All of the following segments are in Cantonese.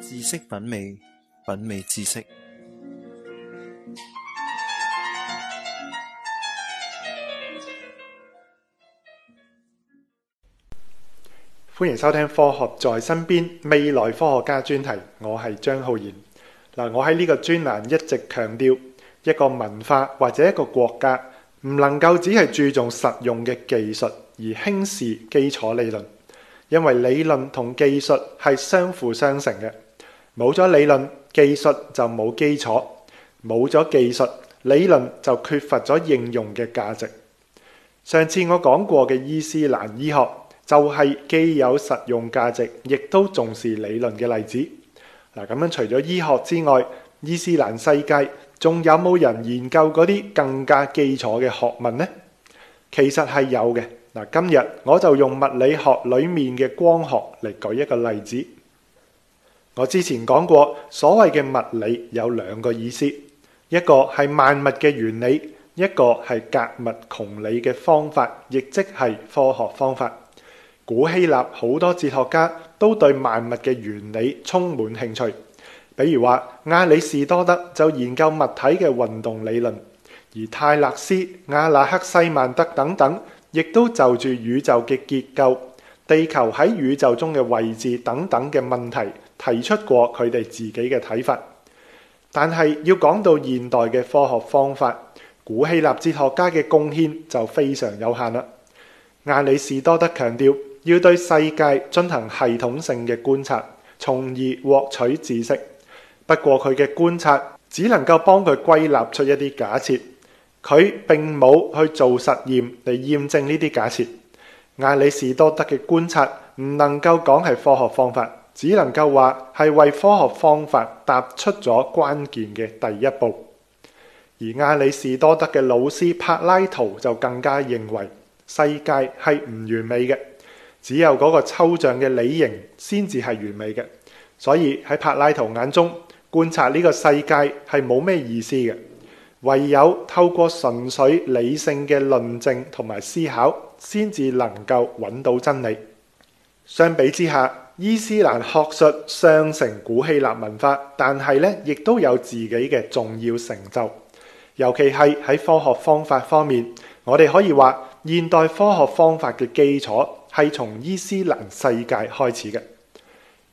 知識品味，品味知識。歡迎收聽《科學在身邊》未來科學家專題，我係張浩然。嗱，我喺呢個專欄一直強調，一個文化或者一個國家唔能夠只係注重實用嘅技術，而輕視基礎理論。因為理論同技術係相輔相成嘅，冇咗理論，技術就冇基礎；冇咗技術，理論就缺乏咗應用嘅價值。上次我講過嘅伊斯蘭醫學就係既有實用價值，亦都重視理論嘅例子。嗱，咁樣除咗醫學之外，伊斯蘭世界仲有冇人研究嗰啲更加基礎嘅學問呢？其實係有嘅。嗱，今日我就用物理學裏面嘅光學嚟舉一個例子。我之前講過，所謂嘅物理有兩個意思，一個係萬物嘅原理，一個係格物窮理嘅方法，亦即係科學方法。古希臘好多哲學家都對萬物嘅原理充滿興趣，比如話亞里士多德就研究物體嘅運動理論，而泰勒斯、阿納克西曼德等等。亦都就住宇宙嘅結構、地球喺宇宙中嘅位置等等嘅問題提出過佢哋自己嘅睇法，但係要講到現代嘅科學方法，古希臘哲學家嘅貢獻就非常有限啦。亞里士多德強調要對世界進行系統性嘅觀察，從而獲取知識。不過佢嘅觀察只能夠幫佢歸納出一啲假設。佢並冇去做實驗嚟驗證呢啲假設，亞里士多德嘅觀察唔能夠講係科學方法，只能夠話係為科學方法踏出咗關鍵嘅第一步。而亞里士多德嘅老師柏拉圖就更加認為世界係唔完美嘅，只有嗰個抽象嘅理型先至係完美嘅，所以喺柏拉圖眼中，觀察呢個世界係冇咩意思嘅。唯有透過純粹理性嘅論證同埋思考，先至能夠揾到真理。相比之下，伊斯蘭學術上承古希臘文化，但係咧亦都有自己嘅重要成就，尤其係喺科學方法方面。我哋可以話，現代科學方法嘅基礎係從伊斯蘭世界開始嘅。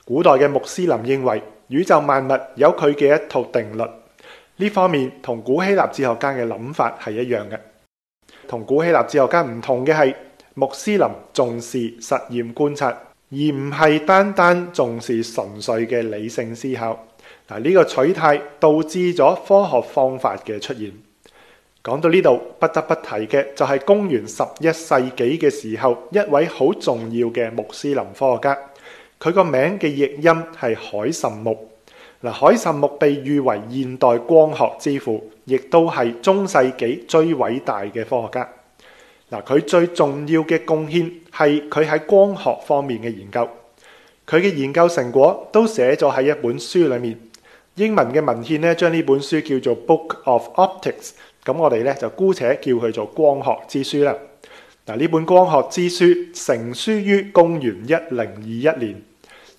古代嘅穆斯林認為，宇宙萬物有佢嘅一套定律。呢方面同古希臘哲學家嘅諗法係一樣嘅，同古希臘哲學家唔同嘅係，穆斯林重視實驗觀察，而唔係單單重視純粹嘅理性思考。嗱，呢個取態導致咗科學方法嘅出現。講到呢度，不得不提嘅就係公元十一世紀嘅時候，一位好重要嘅穆斯林科學家，佢個名嘅譯音係海什木。海神木被譽為現代光學之父，亦都係中世紀最偉大嘅科學家。嗱，佢最重要嘅貢獻係佢喺光學方面嘅研究。佢嘅研究成果都寫咗喺一本書裏面。英文嘅文獻咧，將呢本書叫做《Book of Optics》，咁我哋咧就姑且叫佢做《光學之書》啦。嗱，呢本《光學之書》成書於公元一零二一年。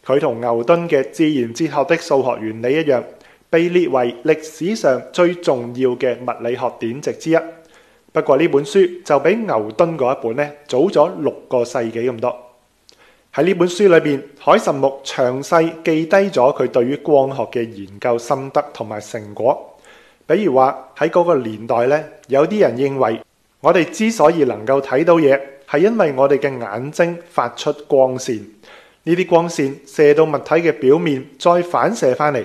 佢同牛頓嘅《自然哲學的數學原理》一樣，被列為歷史上最重要嘅物理學典籍之一。不過呢本書就比牛頓嗰一本咧早咗六個世紀咁多。喺呢本書裏邊，海神木詳細記低咗佢對於光學嘅研究心得同埋成果。比如話，喺嗰個年代咧，有啲人認為我哋之所以能夠睇到嘢，係因為我哋嘅眼睛發出光線，呢啲光線射到物體嘅表面，再反射翻嚟。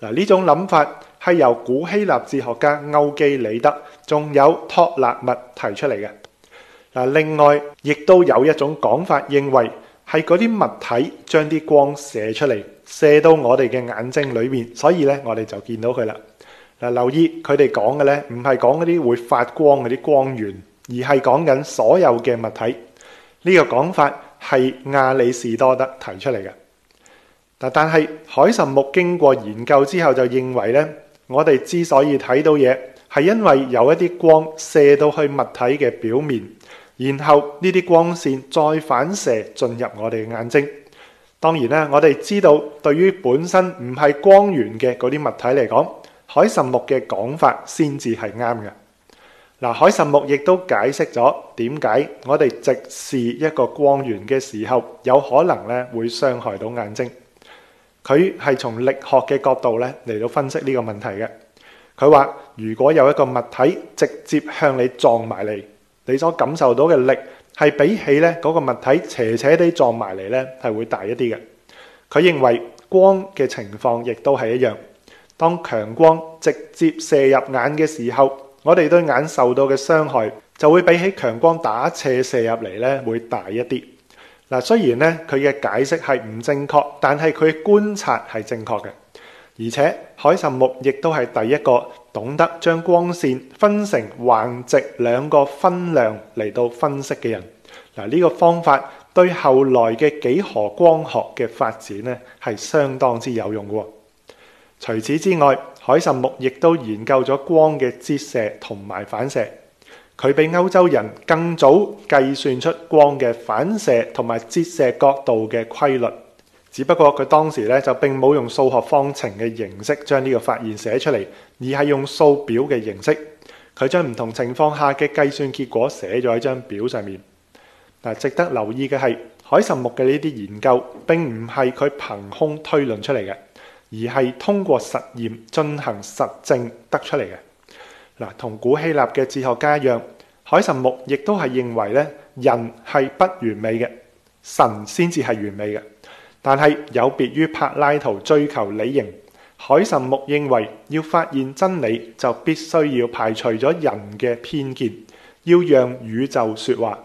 嗱，呢種諗法係由古希臘哲學家歐幾里德，仲有托勒密提出嚟嘅。嗱，另外亦都有一種講法，認為係嗰啲物體將啲光射出嚟，射到我哋嘅眼睛裏面，所以咧我哋就見到佢啦。嗱，留意佢哋講嘅咧，唔係講嗰啲會發光嗰啲光源，而係講緊所有嘅物體呢個講法，係亞里士多德提出嚟嘅。但係海神木經過研究之後就認為咧，我哋之所以睇到嘢，係因為有一啲光射到去物體嘅表面，然後呢啲光線再反射進入我哋嘅眼睛。當然啦，我哋知道對於本身唔係光源嘅嗰啲物體嚟講，海神木嘅講法先至係啱嘅。嗱，海神木亦都解釋咗點解我哋直視一個光源嘅時候，有可能咧會傷害到眼睛。佢係從力學嘅角度咧嚟到分析呢個問題嘅。佢話，如果有一個物體直接向你撞埋嚟，你所感受到嘅力係比起咧嗰個物體斜斜地撞埋嚟咧係會大一啲嘅。佢認為光嘅情況亦都係一樣。當強光直接射入眼嘅時候，我哋對眼受到嘅傷害就會比起強光打斜射入嚟咧會大一啲。嗱，雖然咧佢嘅解釋係唔正確，但係佢觀察係正確嘅。而且海神木亦都係第一個懂得將光線分成橫直兩個分量嚟到分析嘅人。嗱，呢個方法對後來嘅幾何光學嘅發展咧係相當之有用嘅。除此之外，海什木亦都研究咗光嘅折射同埋反射，佢比歐洲人更早計算出光嘅反射同埋折射角度嘅規律。只不過，佢當時咧就並冇用數學方程嘅形式將呢個發現寫出嚟，而係用數表嘅形式。佢將唔同情況下嘅計算結果寫咗在一張表上面。值得留意嘅係，海什木嘅呢啲研究並唔係佢憑空推論出嚟嘅。而係通過實驗進行實證得出嚟嘅。嗱，同古希臘嘅哲學家一樣，海神木亦都係認為咧，人係不完美嘅，神先至係完美嘅。但係有別於柏拉圖追求理型，海神木認為要發現真理就必須要排除咗人嘅偏見，要讓宇宙說話。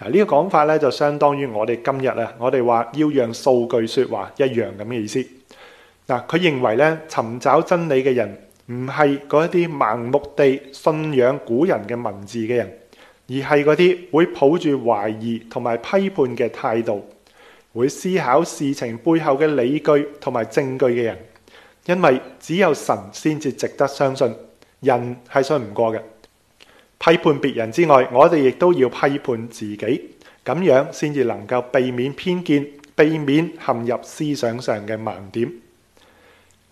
嗱呢、這個講法咧就相當於我哋今日啊，我哋話要讓數據說話一樣咁嘅意思。嗱，佢認為咧，尋找真理嘅人唔係嗰一啲盲目地信仰古人嘅文字嘅人，而係嗰啲會抱住懷疑同埋批判嘅態度，會思考事情背後嘅理據同埋證據嘅人。因為只有神先至值得相信，人係信唔過嘅。批判別人之外，我哋亦都要批判自己，咁樣先至能夠避免偏見，避免陷入思想上嘅盲點。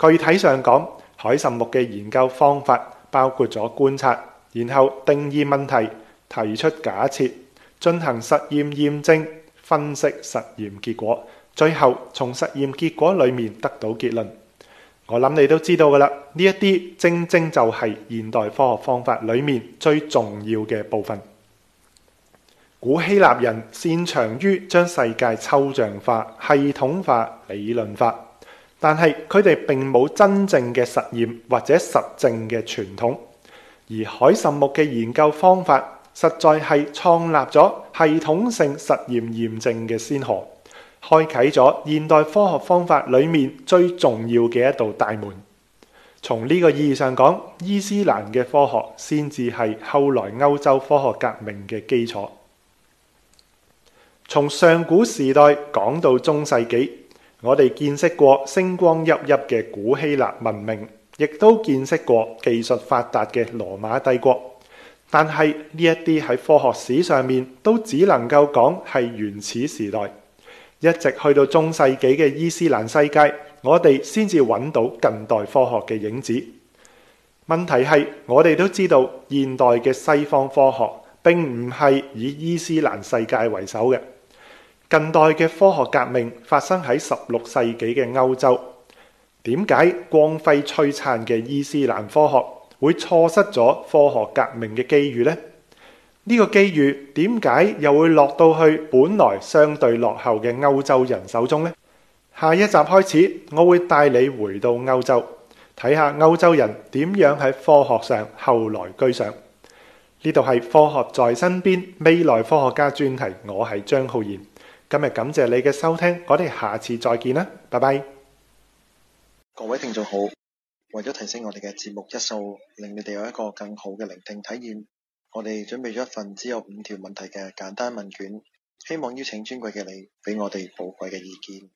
具體上講，海神木嘅研究方法包括咗觀察，然後定義問題，提出假設，進行實驗驗證，分析實驗結果，最後從實驗結果裏面得到結論。我諗你都知道㗎啦，呢一啲正正就係現代科學方法裏面最重要嘅部分。古希臘人擅長於將世界抽象化、系統化、理論化。但係佢哋並冇真正嘅實驗或者實證嘅傳統，而海什木嘅研究方法實在係創立咗系統性實驗驗證嘅先河，開啟咗現代科學方法裏面最重要嘅一道大門。從呢個意義上講，伊斯蘭嘅科學先至係後來歐洲科學革命嘅基礎。從上古時代講到中世紀。我哋見識過星光熠熠嘅古希臘文明，亦都見識過技術發達嘅羅馬帝國。但係呢一啲喺科學史上面都只能夠講係原始時代。一直去到中世紀嘅伊斯蘭世界，我哋先至揾到近代科學嘅影子。問題係我哋都知道，現代嘅西方科學並唔係以伊斯蘭世界為首嘅。近代嘅科學革命發生喺十六世紀嘅歐洲。點解光輝璀璨嘅伊斯蘭科學會錯失咗科學革命嘅機遇呢？呢個機遇點解又會落到去本來相對落後嘅歐洲人手中呢？下一集開始，我會帶你回到歐洲，睇下歐洲人點樣喺科學上後來居上。呢度係科學在身邊未來科學家專題，我係張浩然。今日感謝你嘅收聽，我哋下次再見啦，拜拜！各位聽眾好，為咗提升我哋嘅節目質素，令你哋有一個更好嘅聆聽體驗，我哋準備咗一份只有五條問題嘅簡單問卷，希望邀請尊貴嘅你畀我哋寶貴嘅意見。